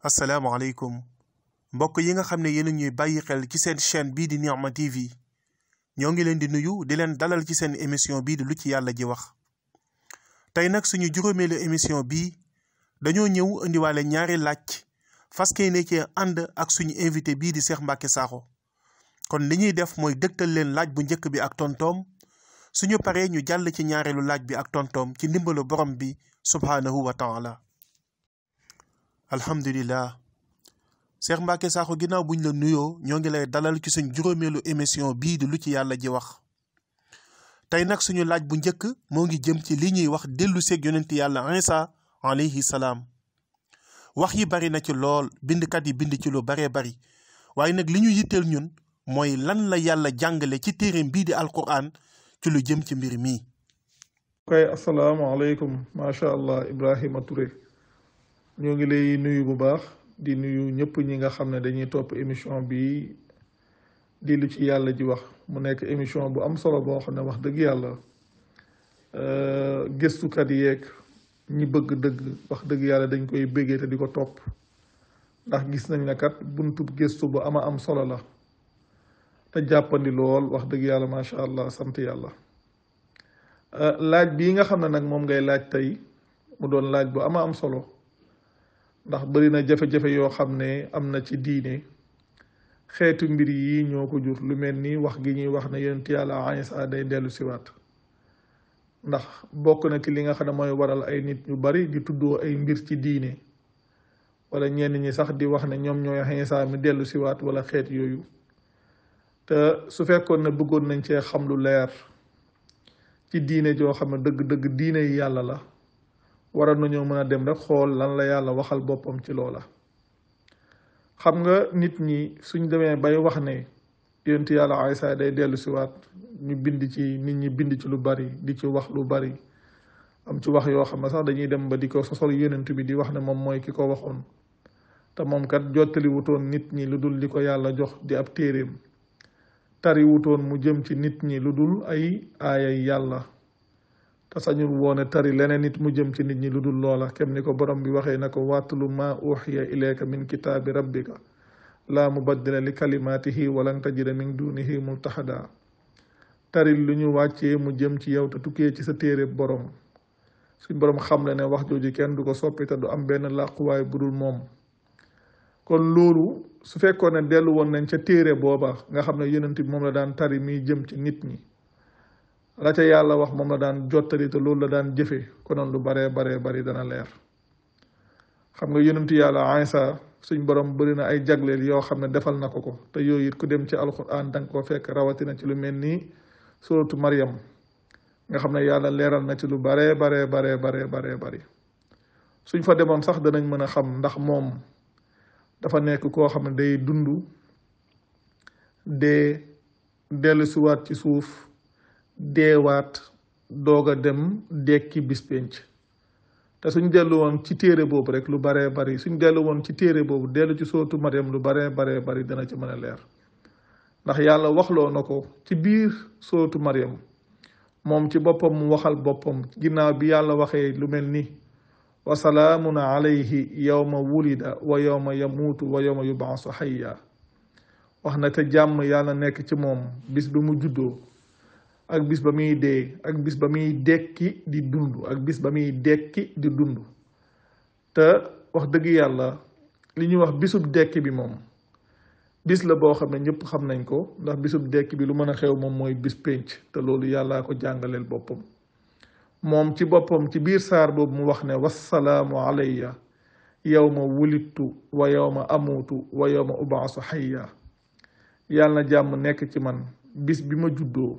Asalamu alaikum. yi nga xamné ne ñuy bayyi xel ci seen chaîne bi di Nihma TV ñoo ngi leen di nuyu di leen dalal ci seen émission bi di lu ci Yalla ji wax Tay nak suñu juróomeelu émission bi dañoo ñëw walé ñaari laaj faské yéene ci ak suñu invité bi di Cheikh Mbacké Sakho kon li ñuy def moy dektal leen bu ñëkk bi ak tontom. suñu paré ñu jall ci ñaareelu bi ak tontom ci ndimbalu borom bi subhanahu wa taala alhamdulillah Cheikh Mbacke Sakho ginnaaw buñ la nuyoo ñoo ngi lay dalal ci suñ juróomeelu émission bii di lu ci yàlla ji wax tey nag suñu laaj bu njëkk moo ngi jëm ci li ñuy wax dellu seeg yonent yàlla Isa alayhi salaam wax yi bari na ci lool bindkat yi bind ci lu baree bari waaye nag li ñu yitteel ñun mooy lan la yàlla jàngale ci téere bii di alquran ci lu jëm ci mbir mi. kay asalaamaaleykum macha allah Ibrahima Touré. ñoo ngi lay nuyu bu baax di nuyu ñëpp ñi nga xam ne dañuy topp émission bii di lu ci yàlla ji wax mu nekk émission bu am solo boo xam ne wax dëgg yàlla euh, gëstukat yeeg ñi bëgg dëgg wax dëgg yàlla dañ koy bëggee te di ko topp ndax gis nañ ne kat buntub gëstu bu ama am solo la te jàppandi lool wax dëgg yàlla macha allah sant yàlla euh, laaj bii nga xam ne nag moom ngay laaj tey mu doon laaj bu ama am solo ndax bëri na jafe-jafe yoo xam ne am na ci diine xeetu mbir yi ñoo ko jur lu mel nii wax gi ñuy wax na yonent yàlla Iisaa day dellu siwaat ndax bokk na ki li nga xam ne mooy waral ay nit ñu bari di tuddoo ay mbir ci diine wala ñenn ñi sax di wax ne ñoom ñooy Iisaa mi dellu siwaat wala xeet yooyu te su fekkoon ne bëggoon nañ cee xam lu leer ci diine joo xam ne dëgg-dëgg diine yi yàlla la waroon nañoo mën a dem rek xool lan la yàlla waxal boppam ci loola xam nga nit ñi suñ demee bay wax ne yonent yàlla Aysa day dellu siwaat ñu bind ci nit ñi bind ci lu bari di ci wax lu bari am ci wax yoo xam ne sax dañuy dem ba di ko sosol yonent bi di wax ne moom mooy ki ko waxoon te moom kat jottali wutoon nit ñi lu dul di ko yàlla jox di ab téeréem tari wutoon mu jëm ci nit ñi lu dul ay aayay yàlla te sañul woone tari leneen nit mu jëm ci nit ñi lu dul loola kem ni ko borom bi waxee na ko wàttalu maa uxiya ilayka min kitaabi rabbika laa mu mubaddila li kalimaatihi walan tajida min dunihi multahada tari lu ñu wàccee mu jëm ci yow te tukkee ci sa téere borom suñ borom xam le ne wax jooju kenn du ko soppi du am benn làquwaay bu dul moom kon loolu su fekkoon ne dellu woon nañ ca téere booba nga xam ne yonent bi moom la daan tari miy jëm ci nit ñi la yàlla wax moom la daan jottali te loolu la daan jëfe konoon lu baree baree bari dana leer xam nga yonent yàlla Isa suñ borom bëri na ay jagleel yoo xam ne defal na ko ko te yooyu ku dem ci alquran danga ko fekk rawatina ci lu mel nii suratu Maryam nga xam ne yàlla leeral na ci lu baree baree baree baree baree bari suñ fa demoon sax danañ mën a xam ndax moom dafa nekk koo xam ne day dund dee dellusiwaat ci suuf deewaat doog a dem dekki bis penc te suñ dellu woon ci téere boobu rek lu baree bari suñ dellu woon ci téere boobu dellu ci sootu Maryam lu baree baree bari dana ci mën a leer ndax yàlla waxloo na ko ci biir sootu Maryam moom ci boppam mu waxal boppam ginnaaw bi yàlla waxee lu mel ni wa salaamun alayhi yowma wulida wa yowma yamuutu wa yowma yubaasu xayya wax na te jàmm yàlla nekk ci moom bis bi mu juddoo ak bis ba muy dee ak bis ba muy dekki di dund ak bis ba muy dekki di dund te wax dëgg yàlla li ñuy wax bisub dekki bi moom bis la boo xam ne ñëpp xam nañ ko ndax bisub dekki bi lu mën a xew moom mooy bis pénc te loolu yàllaa ko jàngaleel boppam moom ci boppam ci biir saar boobu mu wax ne wassalaamu alayya yawma wulittu wa yawma amutu wa ma ubaasu xayya yàlla na jàmm nekk ci man bis bi ma juddoo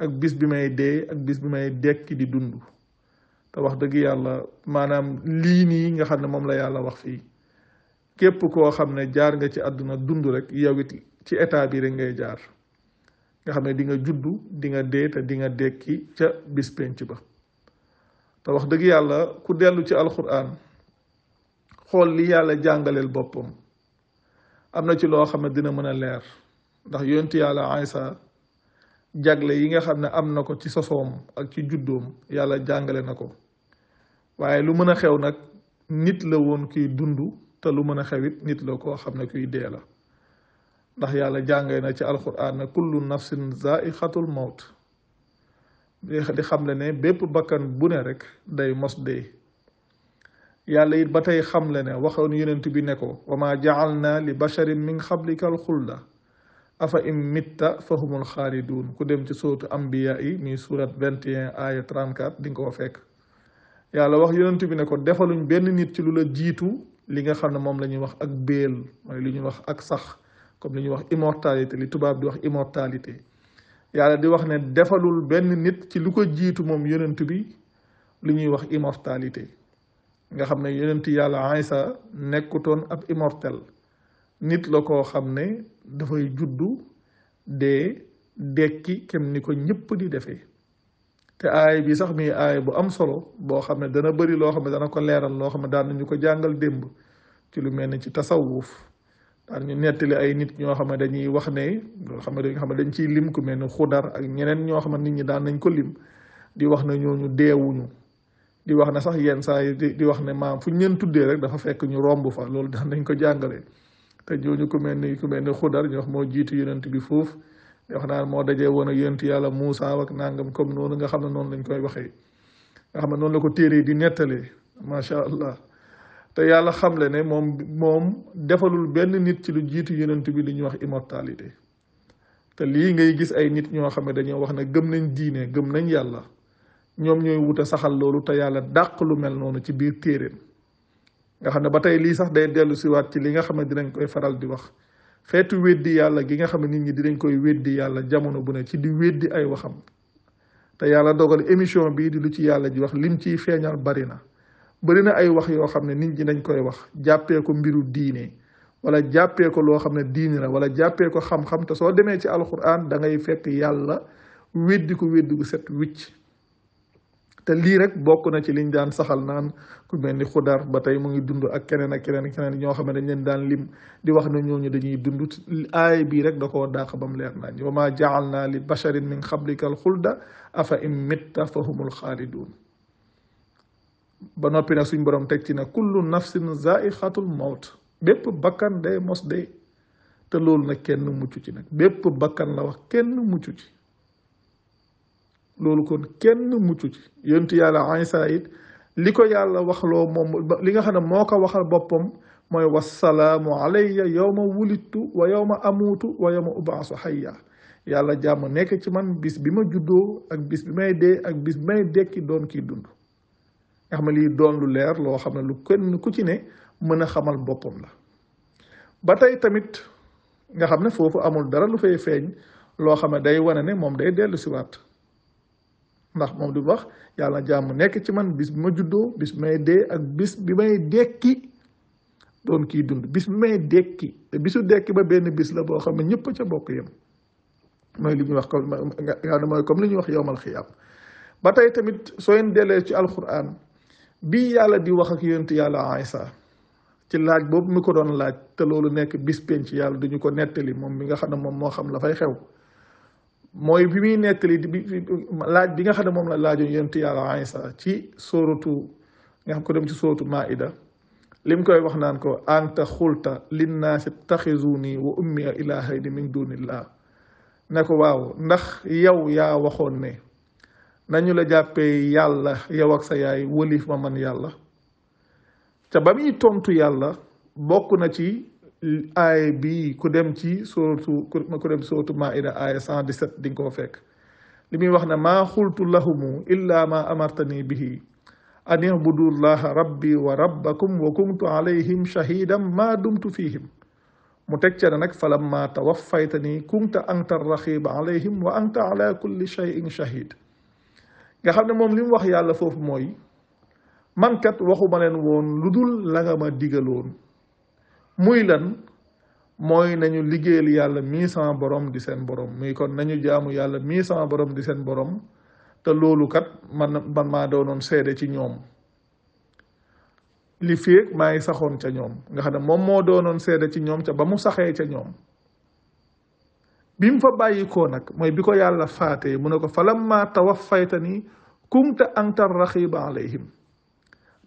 ak bis bi may dee ak bis bi may dekki di dund te wax dëgg yàlla maanaam lii nii nga xam ne moom la yàlla wax fii képp koo xam ne jaar nga ci àdduna dund rek yow it ci état bi rek ngay jaar nga xam ne di nga juddu di nga dee te di dekki ca bis penc ba te wax dëgg yàlla ku dellu ci alxuraan xool li yàlla jàngaleel boppam am na ci loo xam ne dina mën a leer ndax yontu yàlla Aysa jagle yi nga xam ne am na ko ci sosoom ak ci juddoom yàlla jàngale na ko waaye lu mën a xew nag nit la woon kuy dund te lu mën a xewit nit la koo xam ne kuy dee la ndax yàlla jàngale na ci alxuraan ne kullu nafsin zaa'iqatul mawt di xam le ne bépp bakkan bu ne rek day mos de yàlla it ba tey xam le ne waxoon yonent bi ne ko wa maa ja'alnaa li basharin min qablikal xulda afa in mitta fahumul xaalidun ku dem ci sootu ambiya yi muy surat 21 aya 34 di nga ko fekk yàlla wax yonent bi ne ko defaluñ benn nit ci lu la jiitu li nga xam ne moom la ñuy wax ak béel mooy li ñuy wax ak sax comme li ñuy wax immortalité li tubaab di wax immortalité yàlla di wax ne defalul benn nit ci lu ko jiitu moom yonent bi li ñuy wax immortalité nga xam ne yonent yàlla Aysa nekkutoon ab immortel nit la koo xam ne dafay juddu dee dekki kem ni ko ñëpp di defee te aay bii sax muy aay bu am solo boo xam ne dana bari loo xam ne dana ko leeral loo xam ne daan nañu ko jàngal démb ci lu mel ni ci tasawuf daan ñu nettali ay nit ñoo xam ne wax ne xam ne dañ xam ne dañ ciy lim ku mel ni xudar ak ñeneen ñoo xam ne nit ñi daan nañ ko lim di wax na ñooñu deewuñu di wax na sax yenn saa yi di wax ne maam fu ñeen tuddee rek dafa fekk ñu romb fa loolu daan nañ ko jàngalee. te jooju ko mel ni ku mel ni xudar ñu wax moo jiitu yonent bi foofu wax naan moo dajee woon ak yonent yàlla Muusa ak nangam comme noonu nga xam ne noonu lañ koy waxee nga noonu la ko téere di nettalee macha allah te yàlla xamle ne moom moom defalul benn nit ci lu jiitu yonent bi li ñuy wax immortalité te lii ngay gis ay nit ñoo xam ne dañoo wax ne gëm nañ diine gëm nañ yàlla ñoom ñooy wut a saxal loolu te yàlla dàq lu mel noonu ci biir téereem nga xam ne ba tey lii sax day dellu siwaat ci li nga xam ne dinañ koy faral di wax xeetu weddi yàlla gi nga xam ne nit ñi dinañ koy weddi yàlla jamono bu ne ci di weddi ay waxam te yàlla dogal émission bii di lu ci yàlla ji wax lim ciy feeñal bari na bari na ay wax yoo xam ne nit ñi dañ koy wax jàppee ko mbiru diine wala jàppee ko loo xam ne diine la wala jàppee ko xam-xam te soo demee ci alxuraan da ngay fekk yàlla weddi ko weddi gu set wicc te lii rek bokk na ci liñ daan saxal naan ku mel ni xudar ba tey mu ngi dund ak keneen ak keneen keneen ñoo xam ne dañ leen daan lim di wax ne ñooñu dañuy dund aay bii rek da ko dàq ba mu leer nañ wa maa jaal naa li basharin min xablikal xulda afa im mitta fa humul xaalidun ba noppi nag suñ borom teg ci ne kullu nafsin zaixatul mawt bépp bakkan day mos dee te loolu nag kenn mucc ci nag bépp bakkan la wax kenn mucc ci loolu kon kenn muccu ci yonent yàlla ay said liko yalla wax lo mom li nga xam moko waxal bopam moy wassalamu alayya yawma wulidtu wa yawma amutu wa yawma ub'asu hayya yàlla jàmm nek ci man bis bima juddo ak bis bi de ak bis bi may dekki don ki dund nga li don lu leer lo xamne lu kenn ku ci ne meuna xamal bopam la batay tamit nga xamne fofu amul dara lu fay feñ lo xamne day wane ne moom day ci wat ndax moom di wax yàlla jàmm nekk ci man bis bi ma juddoo bis bi may dee ak bis bi may dekki doon kii dund bis bi may dekki te bisu dekki ba benn bis la boo xam ne ñëpp ca bokk yem mooy li ñuy wax comme comme li ñuy wax yowmal xiyaam ba tey tamit soo leen dellee ci alquran bi yàlla di wax ak yonent yàlla Aysa ci laaj boobu mi ko doon laaj te loolu nekk bis penc yàlla duñu ko nettali moom mi nga xam ne moom moo xam la fay xew mooy bi muy nettali bi laaj bi nga xam ne moom la laajoon yonent yàlla Isa ci sóoratu nga xam ko dem ci sóoratu Maida lim koy wax naan ko anta xulta linnaasi taxizuni wa ummiya ilahayni min dunillah ne ko waaw ndax yow yaa waxoon ne nañu la jàppee yàlla yow ak sa yaay wëlif ma man yàlla te ba muy tontu yàlla bokk na ci ay bi ku dem ci sortu ku dem sortu maida aaya cent dix-sept ko fek limi wax na ma khultu lahumu illa ma amartani bihi an ya'budu allaha rabbi wa rabbakum wa kuntu alayhim shahidan ma dumtu fihim mu tek ci nak falam ma tawaffaytani kunta anta ar-rahib alayhim wa anta ala kulli shayin shahid nga xamne mom moom wax yàlla fofu moy man kat waxuma len won ludul la nga ma digaloon muy lan mooy nañu liggéeyal yàlla mii sama borom di seen borom muy kon nañu jaamu yàlla mii sama boroom di seen borom te loolu kat man man maa doonoon seede ci ñoom li féeg maa ngi saxoon ca ñoom nga xam ne moom moo doonoon seede ci ñoom ca ba mu saxee ca ñoom bi mu fa bàyyikoo nag mooy bi ko yàlla faatee mu ne ko falamma tawaffaytani kunta anta raqiba alayhim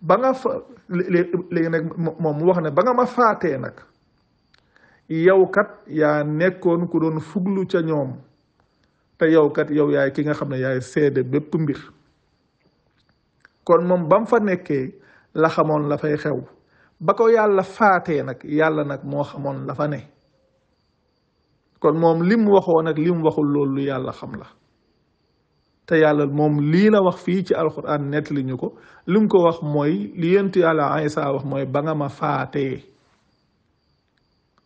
ba nga fa léegi nag moom mu wax ne ba nga ma faatee nag yow kat yaa nekkoon ku doon fuglu ca ñoom te yow kat yow yaay ki nga xam ne yaay seede bépp mbir kon moom ba fa nekkee la xamoon la fay xew ba ko yàlla faatee nag yàlla nag moo xamoon la fa ne kon moom li mu waxoon ak li mu waxul loolu yàlla xam la te yàlla moom lii na wax fii ci alxuraan nettali ñu ko li mu ko wax mooy li yentu yàlla Aysa wax mooy ba nga ma faatee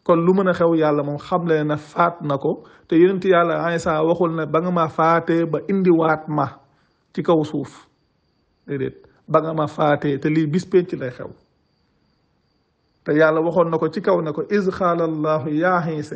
kon lu mën a xew yàlla moom xam le na faat na ko te yentu yàlla Aysa waxul na ba nga ma faatee ba indiwaat ma ci kaw suuf ba nga ma faatee te lii bis penc lay xew te yàlla waxoon na ko ci kaw ne ko iz xaala allahu yaa Aysa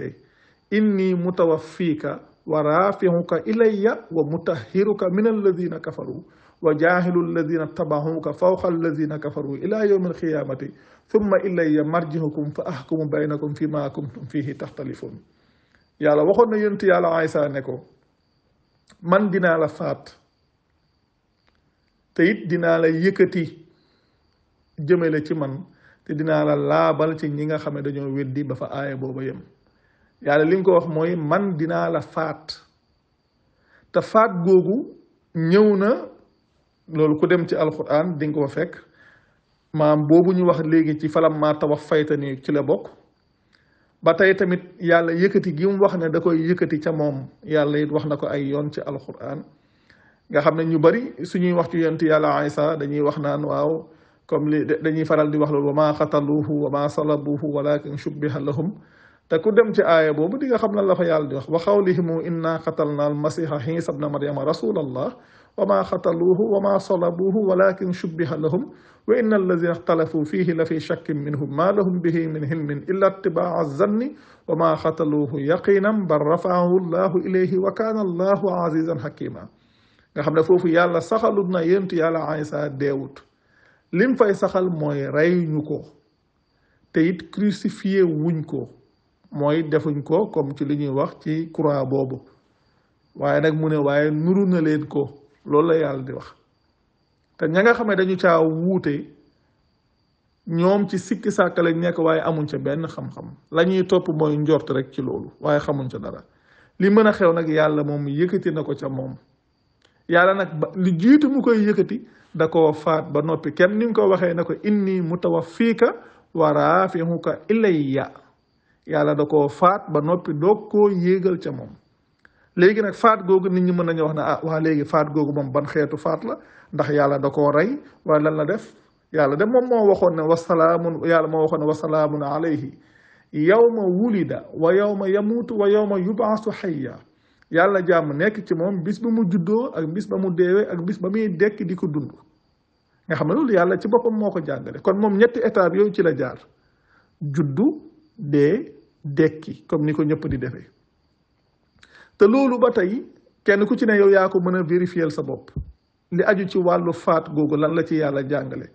inni mutawaffiika wa rafiuka ilayya wa mutahhiruka min alladina kafaru wa jaahilu alladina tabahuka fawqa alladina kafaru ila yawmi alqiyamati thumma ilayya marjihukum fa ahkumu baynakum fi ma kuntum fihi taxtalifun yàlla waxoon na yonent yàlla Iisaa ne ko man dinaa la faat te it dinaa la ci man te dinaa laabal ci ñi nga xam ne dañoo weddi ba fa aaya booba yem yàlla li ko wax mooy man dinaa la faat te faat googu ñëw na loolu ku dem ci alquran di nga ko fekk maam boobu ñu wax léegi ci falam maa tawax fayta ni ci la bokk ba tey tamit yàlla yëkkati gi mu wax ne da koy yëkkati ca moom yàlla it wax na ko ay yoon ci alquran nga xam ne ñu bari suñuy wax ci yonent yàlla Isa dañuy wax naan waaw comme li dañuy faral di wax loolu wa maa xataluuhu wa maa salabuuhu walakin shubbiha lahum te ku dem ci aaya boobu di nga xam lan la fa yàlla di wax wa xawlihimu inna qatalna almasiha xiisa bna maryama rasulallah wa ma xataluuhu wa ma salabuuhu walakin shubbiha lahum wa inna alladina ixtalafu fihi la fi shakkin minhum ma lahum bihi min hilmin illa itibaa zanni wa ma xataluuhu yaqinan bal rafaahu llahu ilayhi wa kaana allahu azizan hakima nga xam ne foofu yàlla saxalut na yéntu yàlla Iisaa deewut lim fay saxal mooy rey ñu ko te it crucifié wuñ ko mooy defuñ ko comme ci li ñuy wax ci croix boobu waaye nag mu ne waaye nuru na leen ko loolu la yàlla di wax te ña nga xam ne dañu caa wuute ñoom ci sikk sàkk lañ nekk waaye amuñ ca benn xam-xam la topp mooy njort rek ci loolu waaye xamuñ ca dara li mën a xew nag yàlla moom yëkkati na ko ca moom yàlla nag ba li jiitu mu koy yëkkati da koo faat ba noppi kenn ni nga ko waxee na ko indi inni mutawaffiika wa raafi'uka ilayya yàlla da koo faat ba noppi doog koo yéegal ca moom léegi nag faat googu nit ñi mën nañu wax ne ah waa léegi faat googu moom ban xeetu faat la ndax yàlla da koo rey waaye lan la def yàlla de moom moo waxoon ne wasalaamun yàlla moo waxoon ne wasalaamun alayhi yawma wulida wa yawma yamuutu wa yawma yubaasu xayya yàlla jàmm nekk ci moom bis ba mu juddoo ak bis ba mu deewee ak bis ba muy dekk di ko dund nga xam ne loolu yàlla ci boppam moo ko jàngale kon moom ñetti étape yooyu ci la jaar juddu dee dekki comme ni ko ñëpp di defee te loolu ba tey kenn ku ci ne yow yaa ko mën a vérifier sa bopp li aju ci wàllu faat googu lan la ci yàlla jàngale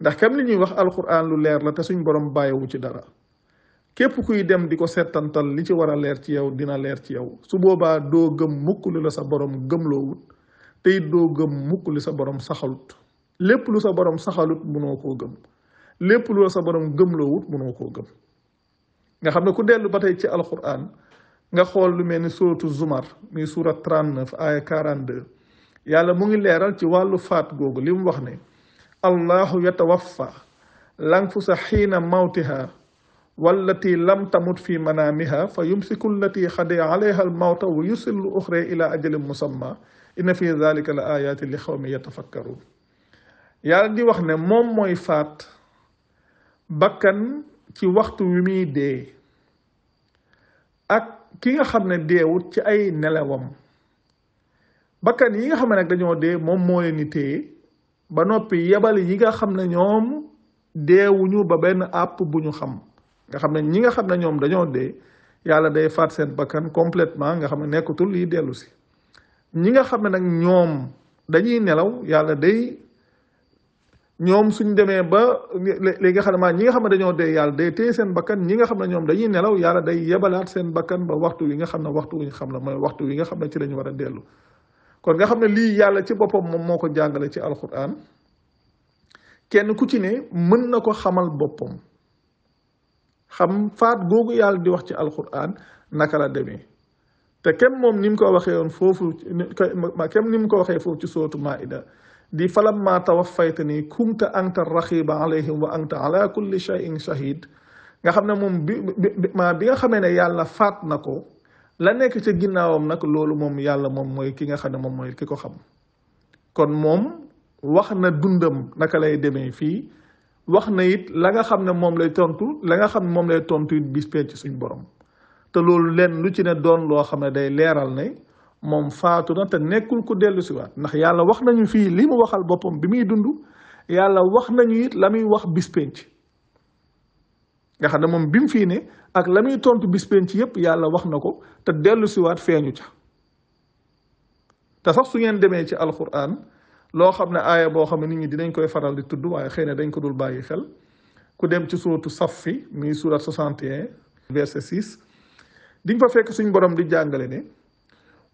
ndax kam li ñuy wax alquran lu leer la te suñ borom bàyyiwu ci dara képp kuy dem di ko settantal li ci war a leer ci yow dina leer ci yow su boobaa doo gëm mukk li la sa borom gëmloowut te it doo gëm mukk li sa borom saxalut lépp lu sa borom saxalut munoo koo gëm lépp lu la sa borom gëmloowut munoo koo gëm nga xamne ku delu batay ci alquran nga xol lu melni suratu zumar mi surat 39 aya 42 yàlla mo ngi leral ci walu fat gogu lim wax ne allah yatawaffa lanfusa xiina mawtiha والتي لم تمت في منامها فيمسك التي خدي عليها الموت ويصل الأخرى إلى أجل مسمى إن في ذلك لآيات لقوم يتفكرون يا دي وخنا موم موي فات بكن ci waxtu wi muy dee ak ki nga xam ne deewut ci ay nelawam bakkan yi nga xam ne nag dañoo dee moom moo leen di ba noppi yebal yi nga xam ne ñoom deewuñu ba benn àpp bu ñu xam nga xam ne ñi nga xam ne ñoom dañoo dee yàlla day faat seen bakkan complètement nga xam ne nekkatul liy dellu dañuy nelaw yàlla day ñoom suñ demee ba léegi nga xam ne maa ñi nga xam ne dañoo dee yàlla day téye seen bakkan ñi nga xam ne ñoom dañuy nelaw yàlla day yebalaat seen bakkan ba waxtu wi nga xam ne waxtu wi ñu xam ne mooy waxtu wi nga xam ne ci lañu war a dellu kon nga xam ne lii yàlla ci boppam moom moo ko jàngale ci alquran kenn ku ci ne mën na ko xamal boppam xam faat googu yàlla di wax ci alquran naka la demee te kem moom ni mu ko waxee woon foofu kem ni mu ko waxee foofu ci sootu maida di falamma tawaffaytani kunta anta raxiba alayhim wa anta ala kulli shay'in shahid nga xam ne moom bi bi ma bi nga xamee ne yàlla faat na ko la nekk ca ginnaawam nag loolu moom yàlla moom mooy ki nga xam ne moom mooy ki ko xam kon moom wax na dundam naka lay demee fii wax na yit la nga xam ne moom lay tontu la nga xam ne moom lay tontu it bis ci suñ borom te loolu lenn lu ci ne doon loo xam ne day leeral ne mom faatu na te nekkul ku delu ci wat ndax yàlla wax nañu fi limu waxal bopam bi mi dundu yàlla wax nañu it lamuy wax bispench nga xam na mom bim fi ne ak lamuy tontu bispench yep yàlla wax nako te delu ci wat feñu ca ta sax su ngeen deme ci alquran lo xamne aya bo xamne nit ñi dinañ koy faral di tuddu waye xeyna dañ ko dul bàyyi xel ku dem ci suratu Saffi mi surat 61 verset 6 diñ fa fekk suñu borom di jàngale ne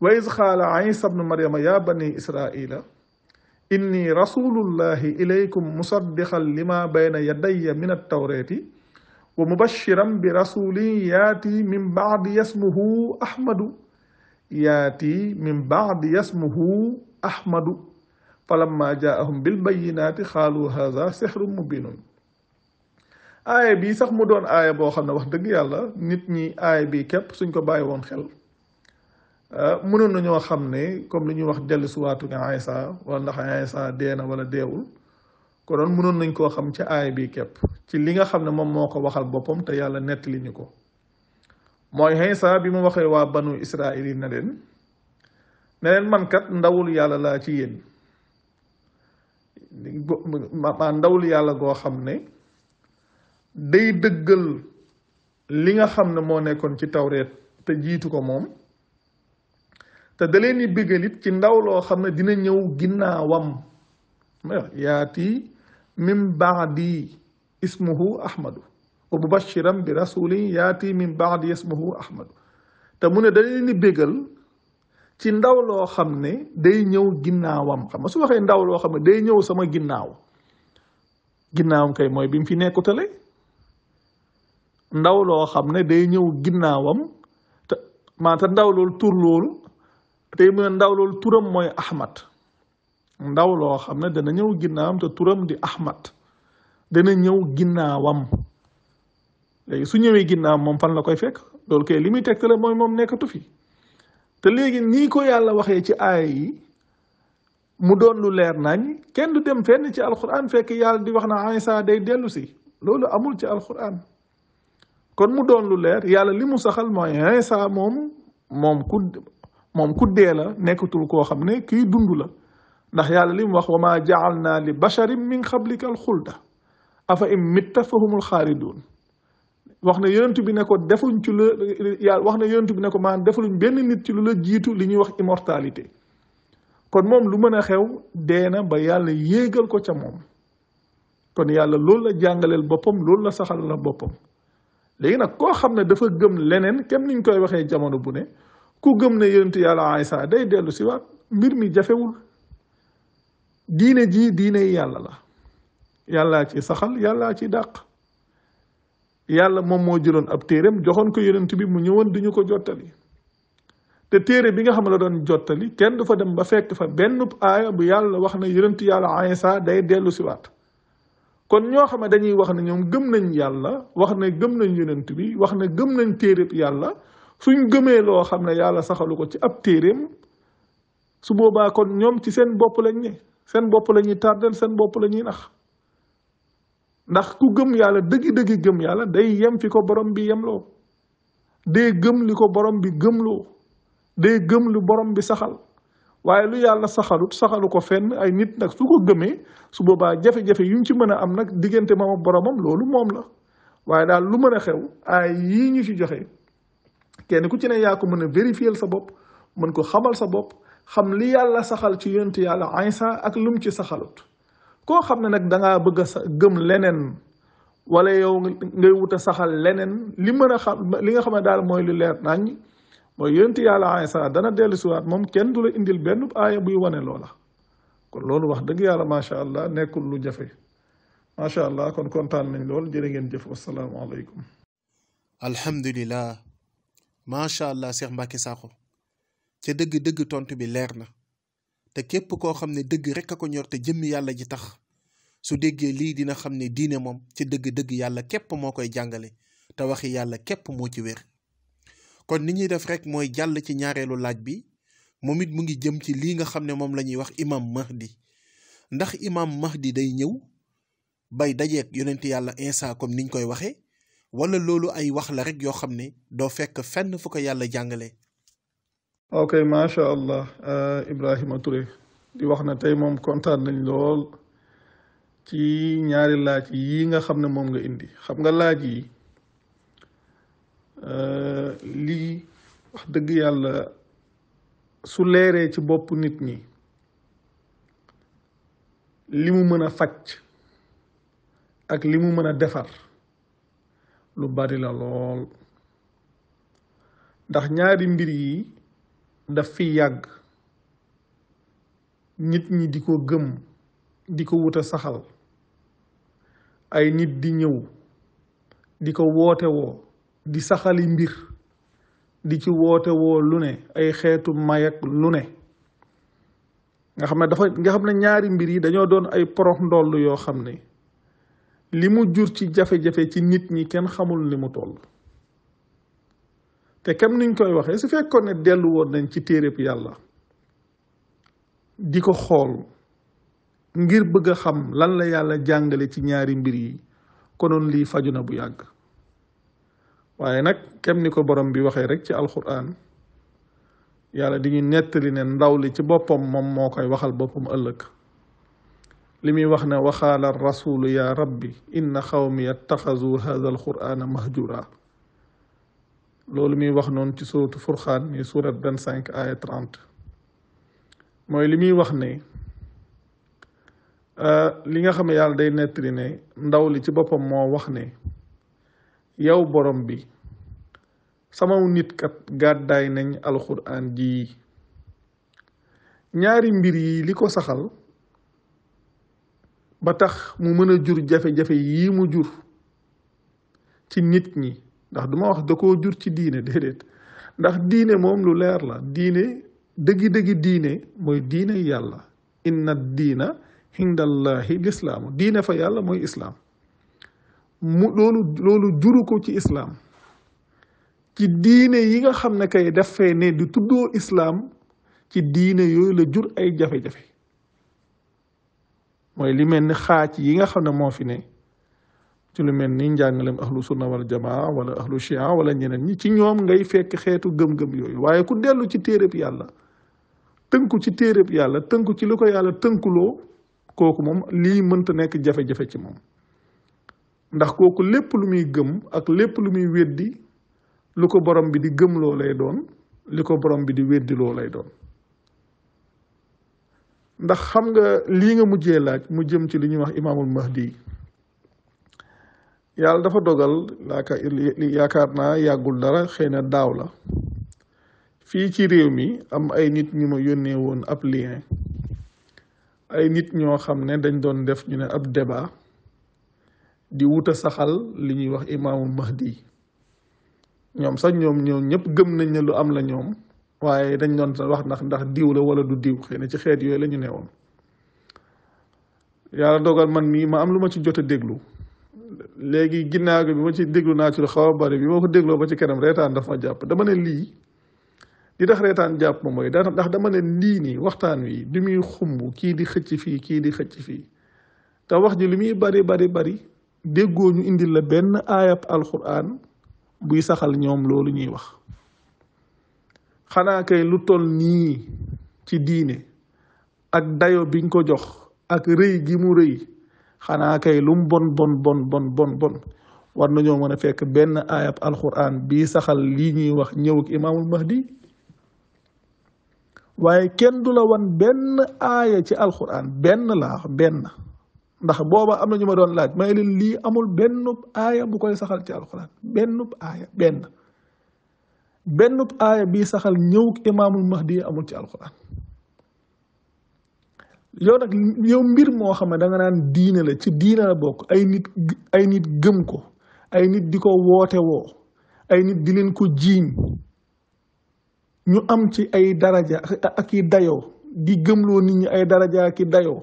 وإذ قال عيسى بن مريم يا بني إسرائيل إني رسول الله إليكم مصدقا لما بين يدي من التوراة ومبشرا برسول ياتي من بعد اسمه أحمد ياتي من بعد اسمه أحمد فلما جاءهم بالبينات قالوا هذا سحر مبين آية بي sax mu doon aaya boo xam ne wax dëgg yàlla nit ñi aaya bii Euh, mënoon nañoo xam ne comme li ñuy wax dellu suwaatu nga Iisaa wala ndax Iisaa dee na wala deewul konoon doon mënoon nañ koo xam ci aay bi képp ci li nga xam ne moom moo ko waxal boppam te yàlla nettali ñu ko mooy Iisaa bi mu waxee waa banu Israayil yi ne leen ne ndawul yàlla laa ci yéen maa ndawul yàlla goo xam ne day dëggal li nga xam ne moo nekkoon ci tawreet te jiitu ko moom te da leen di ci ndaw loo xam ne dina ñëw ginnaawam yaati min baadi ismuhu ahmadu wa mubashiran bi rasulin yaati min baadi ismuhu ahmadu te mu ne da leen ci ndaw loo xam ne day ñëw ginnaawam xam nga su waxee ndaw loo xam ne day ñëw sama ginnaaw ginnaawam mooy bi mu fi nekkutale ndaw loo xam ne day ñëw ginnaawam te maanaam ndaw lool tur lool tey mu ne ndaw loolu turam mooy Ahmad ndaw loo xam ne dana ñëw ginnaawam te turam di Ahmad dana ñëw ginnaawam léegi su ñëwee ginnaawam moom fan la koy fekk loolu kay li muy tegtale mooy moom nekkatu fi te léegi nii ko yàlla waxee ci aaya yi mu doon lu leer nañ kenn du dem fenn ci alquran fekk yàlla di wax na Isa day dellusi loolu amul ci alquran kon mu doon lu leer yàlla li mu saxal mooy Isa moom moom ku. moom ku dee la nekkatul koo xam ne kii dund la ndax yàlla li mu wax wa maa jaaxal naa li basharin min qablika al xulda afa im mitta fa humul xaaliduun wax na yonent bi ne ko defuñ ci lu yàlla wax ne yonent bi ne ko maanaam defaluñ benn nit ci lu la jiitu li ñuy wax immortalité kon moom lu mën a xew dee na ba yàlla yéegal ko ca moom kon yàlla loolu la jàngaleel boppam loolu la saxal la boppam léegi nag koo xam ne dafa gëm leneen kem niñ koy waxee jamono bu ne ku gëm na yonentu yàlla Isa day dellu si waat mbir mi jafewul diine jii diine yàlla la yàllaa ci saxal yàllaa ci dàq yàlla moom moo jëloon ab téereem joxoon ko yonent bi mu ñëwoon di ko jottali te téere bi nga xam ne la doon jottali kenn du fa dem ba fekk fa benn aaya bu yàlla wax ne yonent yàlla Isa day dellu siwaat kon ñoo xam dañuy wax ne ñoom gëm nañ yàlla wax ne gëm nañ yonent bi wax ne gëm nañ téereb yàlla suñ gëmee loo xam ne yàlla saxalu ko ci ab téeréem su boobaa kon ñoom ci seen bopp lañ ne seen bopp la ñuy tardel seen bopp la ñuy nax ndax ku gëm yàlla dëggi-dëggi gëm yàlla day yem fi ko borom bi yem yemloo day gëm li ko borom bi gëmloo day gëm lu borom bi saxal waaye lu yàlla saxalut saxalu ko fenn ay nit nag su ko gëmee su boobaa jafe-jafe yu ñu ci mën a am nag diggante moom ak boromam loolu moom la waaye daal lu mën a xew ay yii ñu fi joxe kenn ku ci ne yaa ko mën a vérifier sa bopp mën ko xamal sa bopp xam li yàlla saxal ci yonent yàlla Iisaa ak lum ci saxalut koo xam ne nag da ngaa bëgg a gëm leneen wala yow ngay wut a saxal leneen li mën a xam li nga xam ne daal mooy lu leer nañ mooy yonent yàlla Iisaa dana dellu siwaat moom kenn du la indil benn aaya buy wane loola kon loolu wax dëgg yàlla macha allah nekkul lu jafe macha allah kon kontaan nañ lool jërë ngeen jëf wasalaamualeykum alhamdulilah macha allah Cheikh Mbacke ca dëgg dëgg tontu bi leer na te képp koo xam ne dëgg rek a ko ñor te jëmm yàlla ji tax su déggee lii dina xam ne diine moom ca dëgg dëgg yàlla képp moo koy jàngale te waxi yàlla képp moo ci wér. kon ni ñuy def rek mooy jàll ci ñaareelu laaj bi moom it mu ngi jëm ci lii nga xam ne moom la ñuy wax imam mahdi ndax imam mahdi day ñëw bay dajeek yonent yàlla Insa comme niñ koy waxee. wala loolu ay wax la rek yoo xam ne doo fekk fenn fu ko yàlla jàngale ok macha allah euh, Ibrahima Touré di wax na tey moom kontaan nañ lool ci ñaari laaj yi nga xam ne moom nga indi xam nga laaj yi euh, lii wax dëgg yàlla su leeree ci bopp nit ñi li mu mën a faj ak li mu mën a defar lu bari la lool ndax ñaari mbir yi daf fi yàgg nit ñi di ko gëm di ko wuta saxal ay nit di ñëw di ko woote woo di saxali mbir di ci woote woo lu ne ay xeetu mayak lu ne nga xam ne dafa nga xam ne ñaari mbir yi dañoo doon ay porox ndoll yoo xam ne li mu jur ci jafe-jafe ci nit ñi kenn xamul ni mu toll te kam niñ koy waxee su fekkoon ne dellu woon nañ ci téereb yàlla di ko xool ngir bëgg xam lan la yàlla jàngale ci ñaari mbir yi konoon lii faju na bu yàgg waaye nag kem ni ko borom bi waxee rek ci alxuraan yàlla di ñu nettali ne ndaw li ci boppam moom moo koy waxal boppam ëllëg li muy wax ne waxaala rasulu ya rabbi inna xawmi yattaxazu hada alqurana mahjura loolu muy wax noonu ci suratu furxaan muy surat vingt cinq aya trente mooy li muy wax ne euh, li nga xam ne yàlla day nettali ne ndaw li ci boppam moo wax ne yow borom bi samaw nit kat gàddaay nañ alquran ji ñaari mbir yi li ko saxal ba tax mu mën a jur jafe-jafe yii mu jur ci nit ñi ndax duma wax da jur ci diine déedéet ndax diine moom lu leer la diine dëggi dëggi diine mooy diine yàlla in na diina hindallahi lislaamu diine fa yàlla mooy islaam mu loolu juru ko ci islaam ci diine yi nga xam ne kay dafay ne di tuddoo islaam ci diine yooyu la jur ay jafe-jafe mooy li mel ni xaaj yi nga xam ne moo fi ne ci lu mel ni njàngalem ahlu sunna wala jamaa wala ahlu chia wala ñeneen ñi ci ñoom ngay fekk xeetu gëm-gëm yooyu waaye ku dellu ci téereb yàlla tënku ci téereb yàlla tënku ci li ko yàlla tënkuloo kooku moom lii mënta nekk jafe-jafe ci moom ndax kooku lépp lu muy gëm ak lépp lu muy weddi lu ko borom bi di gëm loo lay doon li ko borom bi di weddi loo lay doon ndax xam nga lii nga mujjee laaj mu jëm ci li ñuy wax imaamul mahdi yàlla dafa dogal yaakaar naa yàggul dara xëy na daaw la fii ci réew mi am ay nit ñu ma yónnee woon ab lien ay nit ñoo xam ne dañ doon def ñu ne ab debaa di wuta saxal li ñuy wax imaamul mahdi ñoom sax ñoom ñoo ñëpp gëm nañ ne lu am la ñoom waaye dañ doon wax ndax ndax diw wala du diw xëy ci xeet yooyu la ne newoon yàlla dogal man mii ma am lu ma ci jot a déglu léegi ginnaaw gi bi ma ci déglu naa ci lu xaw a bari bi ma ko dégloo ba ci kanam reetaan daf ma jàpp dama ne lii di tax reetaan jàpp ma mooy ndax dama ne lii nii waxtaan wi du muy xumb kii di xëcc fii kii di xëcc fii te wax ji li muy bari bari bari déggoo ñu indil la benn aayab alxuraan buy saxal ñoom loolu ñuy wax xanaa kay lu toll nii ci diine ak dayo biñ ko jox ak rëy gi mu rëy xanaa kay lu bon bon bon bon war nañoo mën a fekk benn aayab alquran bii saxal lii ñuy wax ñëw ak imaamul di waaye kenn du la wan benn aaya ci alquran benn laa wax benn ndax booba am na ñu doon laaj may leen lii amul benn aaya bu koy saxal ci alquran benn aaya benn benn aaya bii saxal ñëw imaamul di amul ci alquran yow nag yow mbir moo xam ne da nga naan diine la ci diine la bokk ay nit ay nit gëm ko ay nit di ko wootewoo ay nit di leen ko jiiñ ñu am ci ay daraja ak i dayoo di gëmloo nit ñi ay daraja ak i dayoo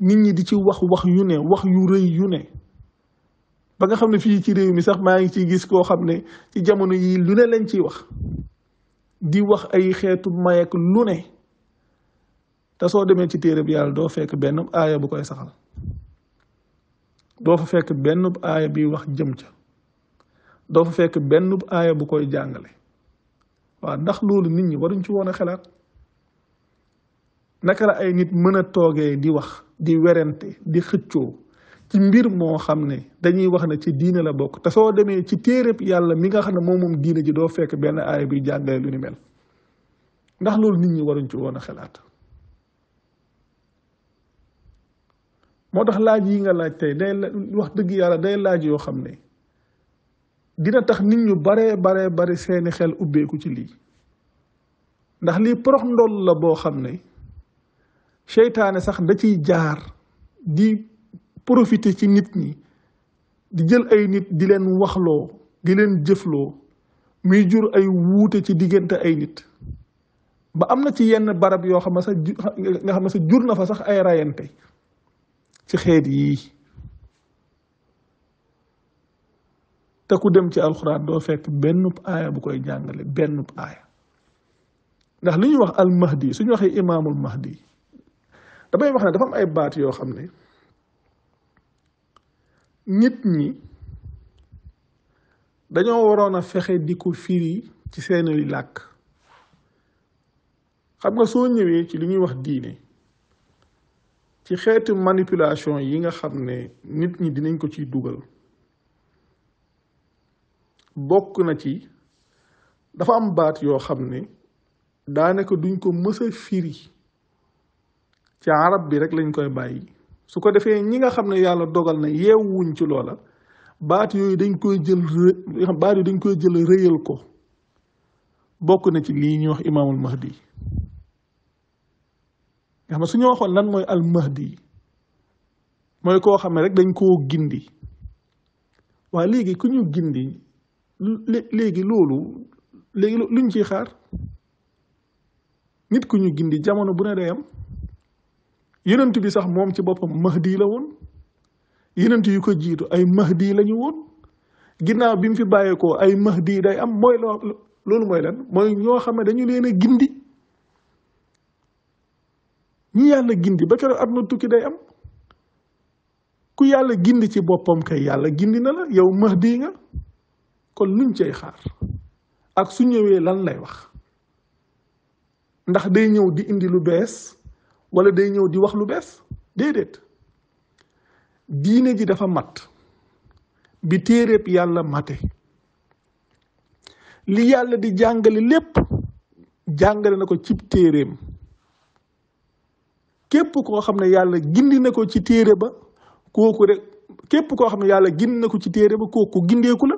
nit ñi di ci wax wax yu ne wax yu rëy yu ne ba nga xam ne fii ci réew mi sax maa ngi ciy gis koo xam ne ci jamono yii lu ne lañ ciy wax di wax ay xeetu mayek lu ne te soo demee ci téere bi yàlla doo fekk benn aaya bu koy saxal doo fekk benn aaya bi wax jëm ca doo fa fekk benn aaya bu koy jàngale waaw ndax loolu nit ñi waruñ ci woon a xelaat naka la ay nit mën a toogee di wax di werante di xëccoo ci mbir moo xam ne dañuy wax ne ci diine la bokk te soo demee ci téere yàlla mi nga xam ne moom moom diine ji doo fekk benn aaya bi jàngale lu ni mel ndax loolu nit ñi waruñ ci woon a xalaat moo tax laaj yi nga laaj tey day wax dëgg yàlla day laaj yoo xam ne dina tax nit ñu baree baree bari seeni xel ubbeeku ci lii ndax lii porox ndoll la boo xam ne seytaane sax da ciy jaar di profiter ci nit ñi di jël ay nit di leen waxloo di leen jëfloo muy jur ay wuute ci diggante ay nit ba am na ci yenn barab yoo xam ne nga xam sa jur na fa sax ay rayante ci xeet yi te ku dem ci alxuraan doo fekk benn aaya bu koy jàngale benn aaya ndax li ñuy wax al mahdi suñu waxee imaamul mahdi damay wax ne dafa am ay baat yoo xam ne nit ñi dañoo waroon a fexe di ko firi ci seeni làkk xam nga soo ñëwee ci li ñuy wax diine ci xeetu manipulation yi nga xam ne nit ñi dinañ ko ciy dugal bokk na ci dafa am baat yoo xam ne daanaka duñ ko mës a firi ci arab bi rek lañ koy bàyyi su ko defee ñi nga xam ne yàlla dogal na yeewuñ ci loola baat yooyu dañ koy jël baat yooyu dañ koy jël rëyal ko bokk na ci lii ñuy wax imaamul mahdi nga xam ne su ñu waxoon lan mooy al mahdi mooy koo xam ne rek dañ koo gindi waaye léegi ku ñu gindi léegi loolu léegi luñ ciy xaar nit ku ñu gindi jamono bu ne day am yonent bi sax moom ci boppam mahdi la woon yonent yu ko jiitu ay max dii lañu woon ginnaaw bi mu fi bàyyeekoo ay max dii day am mooy loolu mooy lan mooy ñoo xam ne dañu leen a gindi ñi yàlla gindi ba keroog àdduna tukki day am ku yàlla gindi ci boppam kay yàlla gindi na la yow max dii nga kon luñ cay xaar ak su ñëwee lan lay wax ndax day ñëw di indi lu bees wala day ñëw di wax lu bees déedéet diine ji dafa mat bi téeréb yàlla mate li yàlla di jàngale lépp jàngale na ko ci téeréem képp koo xam ne yàlla gindi na ko ci téere ba kooku rek képp koo xam ne yàlla gindi na ko ci téere ba kooku gindeeku la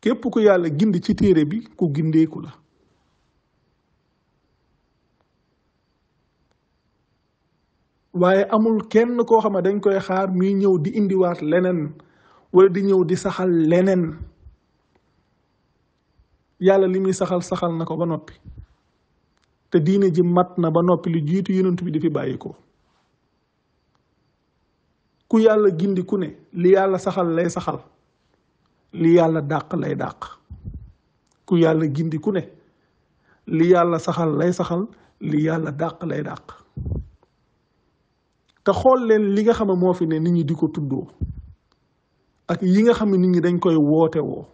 képp ko yàlla gindi ci téere bi ku gindeeku la waaye amul kenn koo xam ne dañ koy xaar muy ñëw di indiwaat leneen wala di ñëw di saxal leneen yàlla li muy saxal saxal na ko ba noppi te diine ji mat na ba noppi li jiitu yonent bi di fi bàyyi ko ku yàlla gindi ku ne li yàlla saxal lay saxal li yàlla dàq lay dàq ku yàlla gindi ne li yàlla saxal lay saxal li yàlla dàq lay dàq te xool leen li nga xam ne moo fi ne nit ñi di ko tuddoo ak yi nga xam ne nit ñi dañ koy woote woo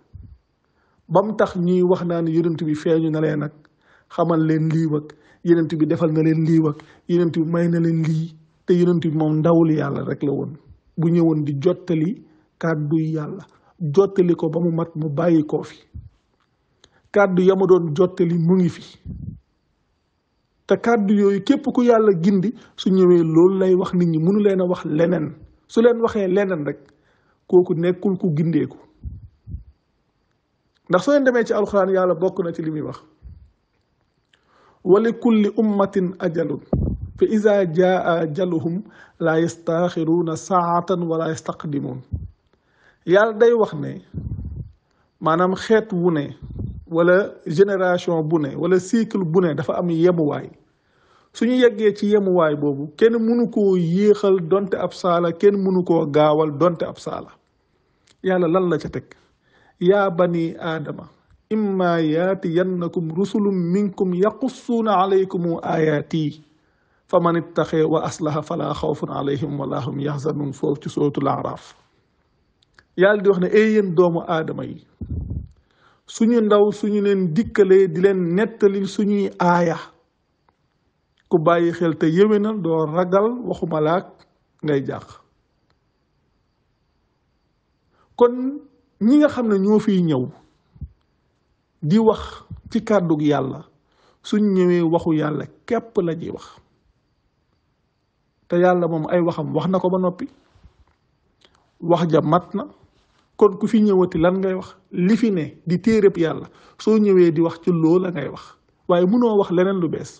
ba mu tax ñuy wax naa ne yonent bi feeñu na leen ak xamal leen lii wak yonent bi defal na leen lii wak bi may na leen lii te yonent bi moom ndawul yàlla rek la woon bu ñëwoon di jottali kàdduy yàlla jottali ko ba mu mat mu bàyyi koo fi kàddu ya doon jottali mu ngi fi te kàddu yooyu képp ku yàlla gindi su ñëwee loolu lay wax nit ñi mënu leen a wax leneen su leen waxee leneen rek kooku nekkul ku gindeeku ndax soo leen demee ci alxuraan yàlla bokk na ci li muy wax wali kulli ummatin ajalun fa iza jaa ajaluhum la yastaaxiruuna saatan wala yastaqdimuun yàlla day wax ne maanaam xeet wu ne walla génération bu ne wala cycle bu ne dafa am yemuwaay suñu yeggee ci yemuwaay boobu kenn munu koo yéexal donte ab saala kenn munu koo gaawal donte ab saala yàlla lan la ca teg yaa bani aadama imma yannakum rusulum minkum yaqussuuna alaykum ayaati fa man ittaxee wa aslaha fala xawfun alayhim wala hum yaxzanun foofu ci suratul araaf yàlla di wax ne ey yéen doomu aadama yi suñu ndaw suñu leen dikkalee di leen nettali suñuy aaya ku bàyyi xel te na doo ragal waxu malaak ngay jàq kon ñi nga xam ne ñoo fi ñëw di wax ci kàddu yàlla suñ ñëwee waxu yàlla képp la ñuy wax te yàlla moom ay waxam wax na ko ba noppi wax ja mat na kon ku fi ñëwati lan ngay wax li fi ne di téereb yàlla soo ñëwee di wax ci loola ngay wax waaye mënoo wax leneen lu bees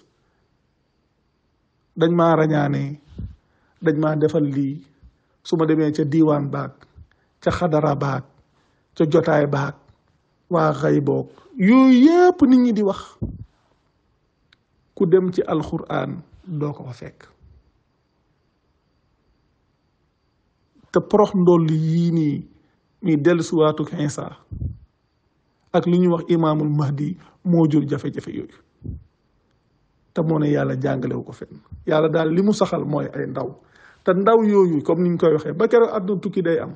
dañ ma rañaane dañ maa defal lii su ma demee ca diwaan baag ca xadara baag ca jotaay baag waa xay boog yooyu yépp nit ñi di wax ku dem ci alxuraan doo ko fa fekk te porox ndoll yii nii muy dellusiwaatu Iisaa ak li ñuy wax imaamul mahdi moo jur jafe-jafe yooyu te moo ne yàlla jàngalewu ko fenn yàlla daal li mu saxal mooy ay ndaw te ndaw yooyu comme ni ñu koy waxee ba keroog àdduna tukki day am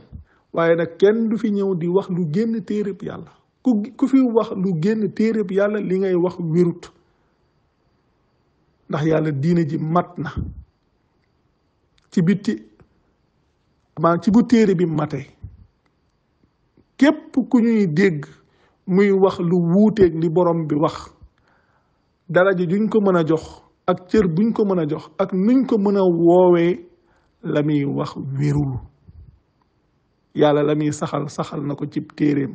waaye nag kenn du fi ñëw di wax lu génn téereb yàlla ku ku fi wax lu génn téereb yàlla li ngay wax wérut ndax yàlla diine ji mat na ci bitti maanaam ci bu téere bi mate képp ku ñuy dégg muy wax lu wuuteeg li borom bi wax daraja juñ ko mën a jox ak cër buñ ko mën a jox ak nuñ ko mën a woowee la muy wax wérul yàlla la muy saxal saxal na ko cib téeréem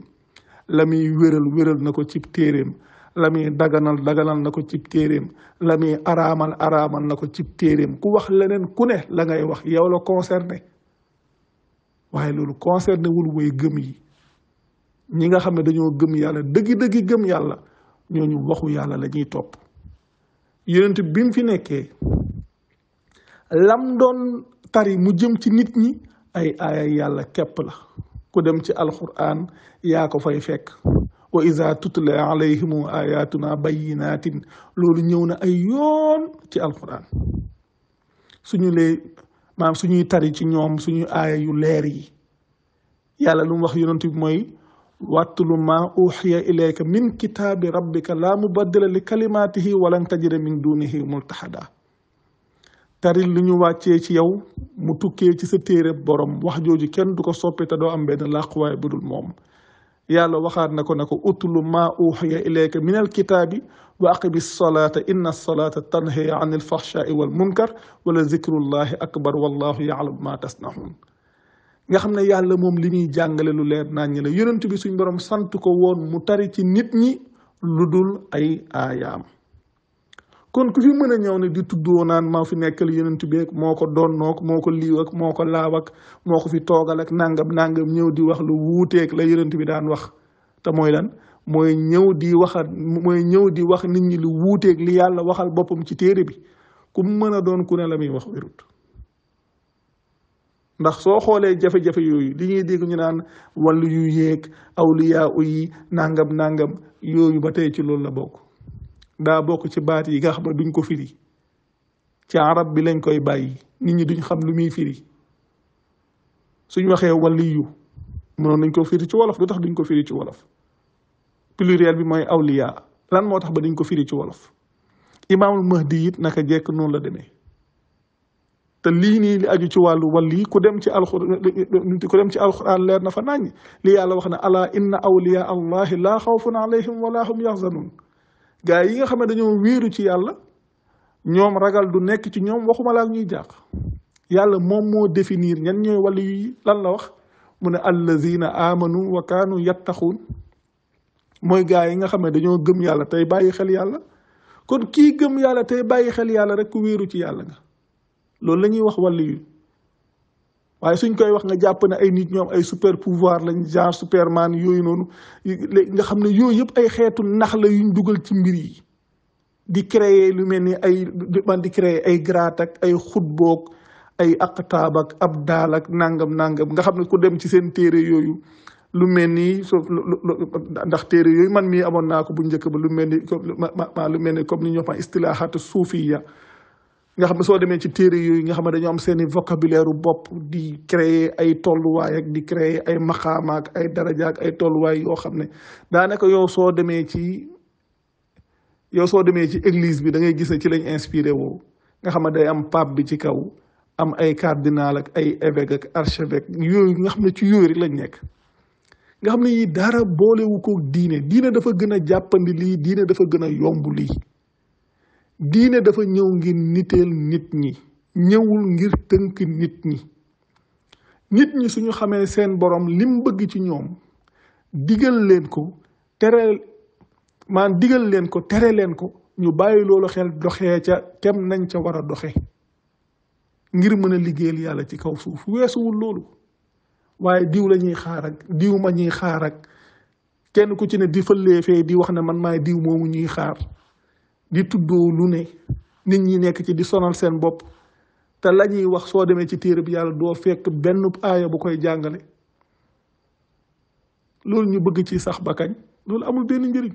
la muy wéral wéral na ko cib téeréem la muy daganal daganal na ko cib téeréem la muy araamal araamal na ko cib téeréem ku wax leneen ku ne la ngay wax yow la concerné waaye loolu concerné wul way gëm yi ñi nga xam ne dañoo gëm yàlla dëggi dëggi gëm yàlla ñooñu waxu yàlla la ñuy topp yonent bi mu fi nekkee lam doon tari mu jëm ci nit ñi ay aaya yàlla képp la ku dem ci alquran yaa ko fay fekk wa iza tutla alayhim ayatuna bayyinatin loolu ñëw na ay yoon ci alquran suñu lee maanaam suñuy tari ci ñoom suñu aaya yu leer yi yàlla lu wax yonent bi mooy واتل ما اوحي اليك من كتاب ربك لا مبدل لكلماته ولن تجد من دونه ملتحدا تاري لي نيو واتي سي ياو مو توكي سي سا تيري بوروم واخ جوجي كين دوكو سوبي تا دو ام بين لا خواي بودول موم يالا واخار نكو نكو اوتل ما اوحي اليك من الكتاب واقب الصلاه ان الصلاه تنهي عن الفحشاء والمنكر ولذكر الله اكبر والله يعلم ما تصنعون nga xam ne yàlla moom li muy jàngale lu leer naan ñi la yonent bi suñ borom sant ko woon mu tari ci nit ñi lu dul ay aayaam kon ku fi mën a ñëw ne di tuddoo naan maa fi nekkal yonent bi ak moo ko doonnoo ak moo ko liiw ak moo ko moo ko fi toogal ak nangam nangam ñëw di wax lu wuuteeg la yonent bi daan wax te mooy lan mooy ñëw di waxat mooy ñëw di wax nit ñi lu wuuteeg li yàlla waxal boppam ci téere bi ku mën a doon ku ne la muy wax wérut ndax soo xoolee jafe-jafe yooyu li ñuy dégg ñu naan wàllu yu yéeg awliya yi nangam nangam yooyu ba tey ci loolu la bokk daa bokk ci baat yi nga xam duñ ko firi ci arab bi lañ koy bàyyi nit ñi duñ xam lu muy firi suñ waxee yu mënoon nañ ko firi ci wolof lu tax duñ ko firi ci wolof pluriel bi mooy awliya lan moo tax ba duñ ko firi ci wolof imaamul mahdi it naka jekk noonu la demee te lii nii li aju ci wàllu wàll yi ku dem ci alxur ku dem ci alxuraan leer na fa naññ li yàlla wax ne ala inna awliya allahi laa xawfun alayhim wala hum yaxzanuun gaa yi nga xam ne dañoo wéeru ci yàlla ñoom ragal du nekk ci ñoom waxuma laa ñuy jàq yàlla moom moo définir ñan ñooy wàll yi lan la wax mu ne allazina amanu wa kaanu yattaxuun mooy gaa yi nga xam ne dañoo gëm yàlla tey bàyyi xel yàlla kon kii gëm yàlla tey bàyyi xel yàlla rek ku wéeru ci yàlla nga loolu la ñuy wax wàllu yu waaye suñ koy wax nga jàpp ne ay nit ñoom ay super pouvoir lañ genre superman yooyu noonu nga xam ne yooyu yëpp ay xeetu nax la yuñ dugal ci mbir yi di créer lu mel ni ay man di créer ay gratak ak ay xutboog ay aqtaab ak ab daal ak nangam nangam nga xam ne ku dem ci seen téere yooyu lu mel ni so ndax téere yooyu man mii amoon naa ko bu njëkk ba lu mel ni ma lu mel ni comme ni ñoo xam istilaaxaatu suufiya nga xam ne soo demee ci téere yooyu nga xam ne dañoo am seen i vocabulaire bopp di créer ay tolluwaay ak di créer ay maxaama ay daraja ak ay tolluwaay yoo xam ne daanaka yow soo demee ci yow soo demee ci église bi da ngay ci lañ inspiré woo nga xam ne day am pape bi ci kaw am ay cardinal ak ay évêque ak archevêque yooyu nga xam ne ci yooyu rek lañ nekk. nga xam ne yii boolewu ko diine diine dafa gën a jàppandi lii diine dafa gën a yomb lii. diine dafa ñëw ngir niteel nit ñi ñëwul ngir tënk nit ñi nit ñi suñu xamee seen borom lim bëgg ci ñoom digal leen ko tere maan digal leen ko tere leen ko ñu bàyyi loolu xel doxee ca kem nañ ca war a doxe ngir mën a liggéeyal yàlla ci kaw suuf weesuwul loolu waaye diw la ñuy xaar ak diw ma ñuy xaar ak kenn ku ci ne di fëlee fee di wax ne man maay diw moomu ñuy xaar di tuddoo lu ne nit ñi nekk ci di sonal seen bopp te la ñuy wax soo demee ci téere bi yàlla doo fekk benn aaya bu koy jàngale loolu ñu bëgg ci sax ba kañ loolu amul benn njëriñ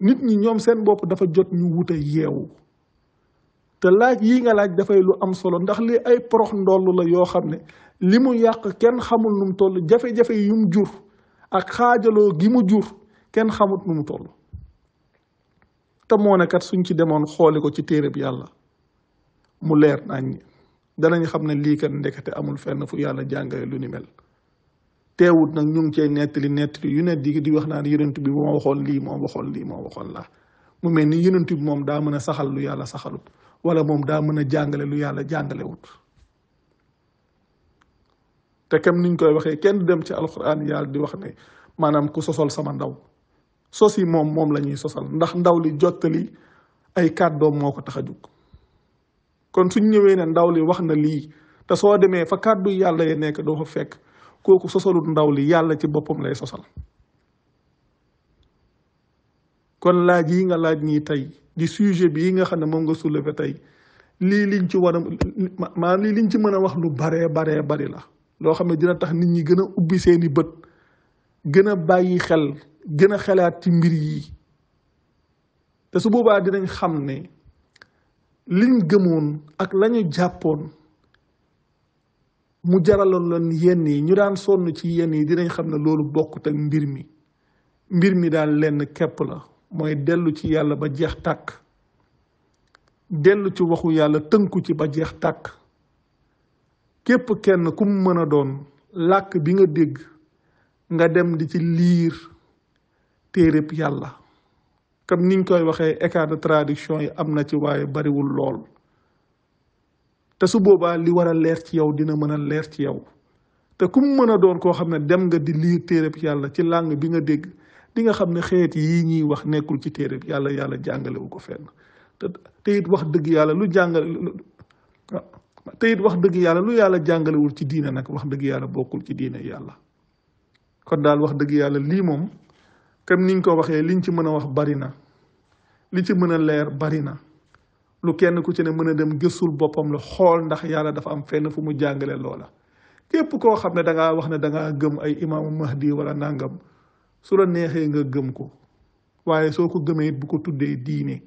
nit ñi ñoom seen bopp dafa jot ñu wute yeewu te laaj yi nga laaj dafay lu am solo ndax li ay porox ndoll la yoo xam ne li mu yàq kenn xamul nu mu toll jafe-jafe yi jur ak xaajaloo gi mu jur kenn xamut nu mu te moo ne kat suñ ci demoon xooli ko ci téere bi yàlla mu leer nañ danañ xam ne lii kat ndekete amul fenn fu yàlla jàngale lu ni mel teewut nag ñu ngi cee nettali nettali yu ne di di wax naan yonent bi moo waxoon lii moo waxoon lii moo waxoon laa mu mel ni yonent bi moom daa mën a saxal lu yàlla saxalut wala moom daa mën a jàngale lu yàlla jàngalewut te kam niñ koy waxee kenn dem ci alquran yàlla di wax ne maanaam ku sosol sama ndaw sos yi moom moom lañuy ñuy sosal ndax ndaw li jottali ay kàddoom moo ko tax a jug kon suñ ñëwee ne ndaw li wax na lii te soo demee fa kàddu yàlla ya nekk doo fa fekk kooku sosalut ndaw li yàlla ci boppam lay sosal kon laaj yi nga laaj nii tey di sujet bi yi nga xam ne moom nga ba tey lii liñ ci war a maanaam lii liñ ci mën a wax lu baree baree bari la loo xam ne dina tax nit ñi gën a ubbi seeni bët gën a bàyyi xel gën a xalaat ci mbir yi te su boobaa dinañ xam ne liñ gëmoon ak lañu jàppoon mu jaraloon lan yenn yi ñu daan sonn ci yenn yi dinañ xam ne loolu bokkut ak mbir mi mbir mi daal lenn képp la mooy dellu ci yàlla ba jeex tàkk dellu ci waxu yàlla tënku ci ba jeex tàkk képp kenn ku mu mën a doon làkk bi nga dégg nga dem di ci liir téereb yàlla comme niñ koy waxee écart de traduction yi am na ci waaye bariwul lool te su boobaa li war a leer ci yow dina mën a leer ci yow te ku mu mën a doon koo xam ne dem nga di lii téereb yàlla ci langue bi nga dégg di nga xam ne xeet yii ñuy wax nekkul ci téereb yàlla yàlla jàngalewu ko fenn te te it wax dëgg yàlla lu jàngale ah, te wax dëgg yàlla lu yàlla jàngalewul ci diine nag wax dëgg yàlla bokkul ci diine yàlla kon daal wax dëgg yàlla lii moom comme niñ ko waxee li liñ ci mën a wax bari na li ci mën a leer bari na lu kenn ku ci ne mën a dem gëstul boppam la xool ndax yàlla dafa am fenn fu mu jàngale loola képp koo xam ne da wax ne da ngaa gëm ay imaamu mahdi wala nangam su la neexee nga gëm ko waaye soo ko gëmee it bu ko tuddee diine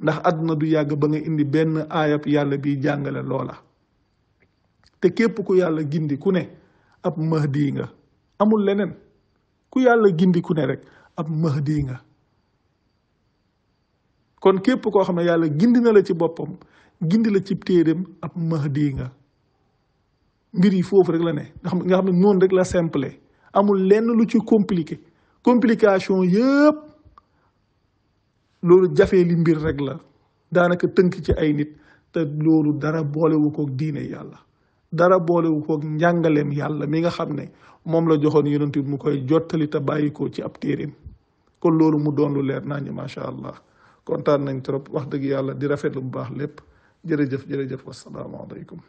ndax àdduna du yàgg ba nga indi benn aayab yàlla bi jàngale loola te képp ku yàlla gindi ku ne ab mahdi nga amul leneen. ku yàlla gindi ku ne rek ab mahdi nga kon képp koo xam ne yàlla gindi na la ci boppam gindi la ci téeréem ab mahdi nga mbir yi foofu rek la ne nga xam ne noonu rek la semple amul lenn lu ci compliqué complication yëpp loolu jafee li mbir rek la daanaka tënk ci ay nit te loolu dara boolewu koog diine yàlla dara boolewu koog njàngaleem yàlla mi nga xam ne moom la joxoon yonent bi mu koy jottali te bàyyi ko ci ab téereem kon loolu mu doon lu leer naa ñu macha allah kontaan nañ trop wax dëgg yàlla di rafetlu bu baax lépp jërëjëf jërëjëf wasalaamaaleykum.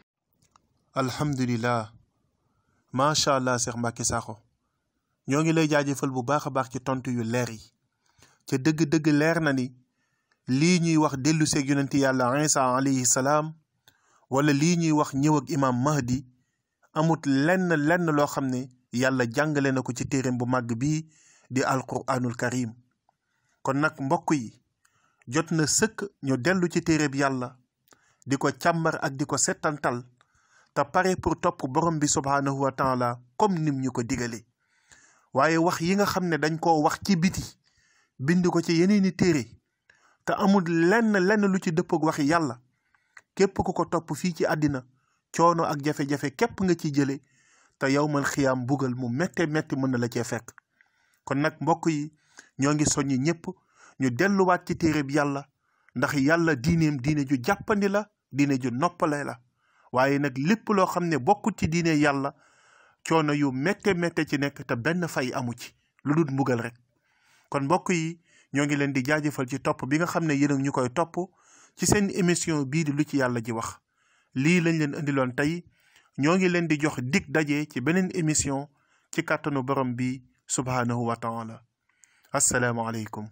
alhamdulilah macha allah Cheikh Mbacké Sakho ñoo ngi lay jaajëfal bu baax a baax ci tontu yu leer yi ca dëgg-dëgg leer na ni lii ñuy wax dellu seeg yonenti yàlla Isa alayhi salaam wala lii ñuy wax ñëw ak imam Mahdi amut lenn lenn loo xam ne. yàlla jàngale na ko ci téereem bu màgg bi di alquranul karim kon nag mbokk yi jot na sëkk ñu dellu ci téere bi yàlla di ko càmbar ak di ko settantal te pare pour topp borom bi subhaanahu wa taala comme nim ñu ko digale waaye wax yi nga xam ne dañ koo wax ci biti bind ko ci yeneeni téere te amul lenn lenn lu ci dëpp wax waxi yàlla képp ku ko topp fii ci àddina coono ak jafe-jafe képp nga ci jële te yawmal xiyaam bugal mu métte métti mën na la cee fekk kon nag mbokk yi ñoo ngi soññi ñëpp ñu delluwaat ci téere bi yàlla ndax yàlla diineem diine ju jàppandi la diine ju noppale la waaye nag lépp loo xam ne bokkut ci diine yàlla coono yu métte métte ci nekk te benn fay amu ci lu dul mbugal rek kon mbokk yi ñoo ngi leen di jaajëfal ci topp bi nga xam ne yéen ñu koy topp ci seen émission bii di lu ci yàlla ji wax lii lañ leen indiloon tey ñoo ngi leen di jox dig daje ci beneen émission ci kàttanu borom bi subhaanahu wa taala assalaamu aleykum